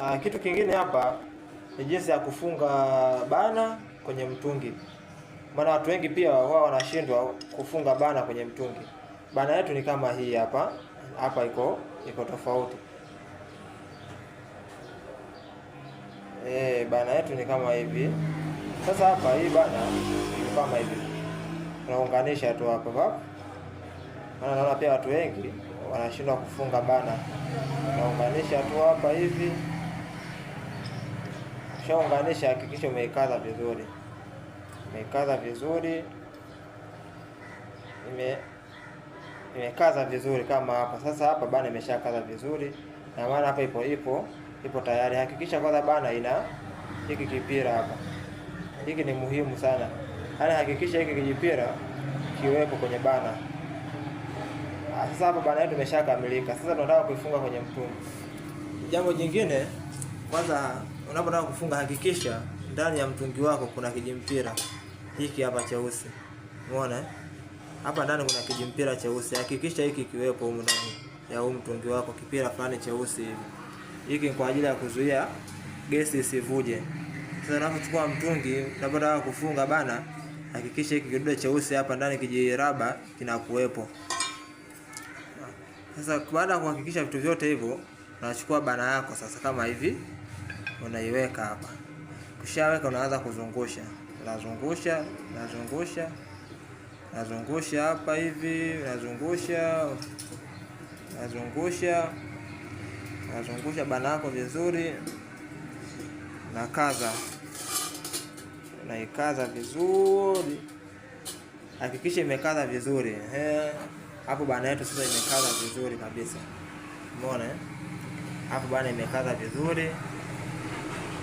Uh, kitu kingine hapa ni jinsi ya kufunga bana kwenye mtungi, maana watu wengi pia wao wanashindwa kufunga bana kwenye mtungi. Bana yetu ni kama hii hapa hapa, iko iko tofauti e, bana yetu ni kama hivi. Sasa hapa hii bana kama hivi, tunaunganisha tu hapa hapa, maana naona pia watu wengi wanashindwa kufunga bana, tunaunganisha tu hapa hivi. Ukishaunganisha hakikisha umeikaza vizuri, umeikaza vizuri ime imekaza vizuri kama hapa sasa. Hapa bana imeshakaza vizuri, na maana hapa ipo ipo ipo tayari. Hakikisha kwanza bana ina hiki kipira hapa, hiki ni muhimu sana. Yaani hakikisha hiki kijipira kiwepo kwenye bana. Ah, sasa hapa bana yetu imeshakamilika, sasa tunataka kuifunga kwenye mtungi. Jambo jingine kwanza unapotaka kufunga, hakikisha ndani ya mtungi wako kuna kijimpira hiki hapa cheusi. Umeona eh? hapa ndani kuna kijimpira cheusi, hakikisha hiki kiwepo huko ndani ya huu mtungi wako, kipira fulani cheusi hivi. Hiki kwa ajili ya kuzuia gesi isivuje. Sasa unapochukua mtungi, unapotaka kufunga bana, hakikisha hiki kidude cheusi hapa ndani kijiraba kinakuwepo. Sasa baada ya kuhakikisha vitu vyote hivyo, unachukua bana yako sasa kama hivi unaiweka hapa. Ukishaweka unaanza kuzungusha, unazungusha unazungusha unazungusha hapa hivi, unazungusha unazungusha unazungusha bana yako vizuri, nakaza unaikaza vizuri, hakikisha imekaza vizuri. hapo bana yetu sasa imekaza vizuri kabisa, umeona eh? hapo bana imekaza vizuri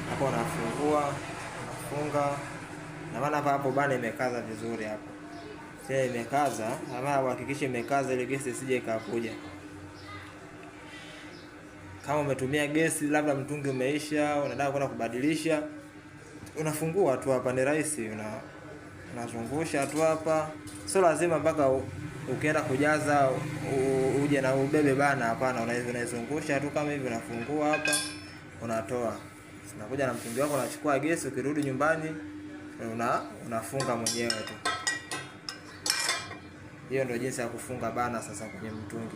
hapo unafungua unafunga, na maana hapa hapo bana imekaza vizuri hapo, sasa imekaza, ama uhakikishe imekaza ile gesi isije ikakuja. Kama umetumia gesi labda mtungi umeisha, unataka kwenda kubadilisha, unafungua tu hapa, ni rahisi, una unazungusha tu hapa, sio lazima mpaka ukienda kujaza uje na ubebe bana, hapana, unaizungusha tu kama hivi, unafungua hapa, unatoa unakuja na mtungi wako, unachukua gesi, ukirudi nyumbani una, unafunga mwenyewe tu. Hiyo ndio jinsi ya kufunga bana sasa kwenye mtungi.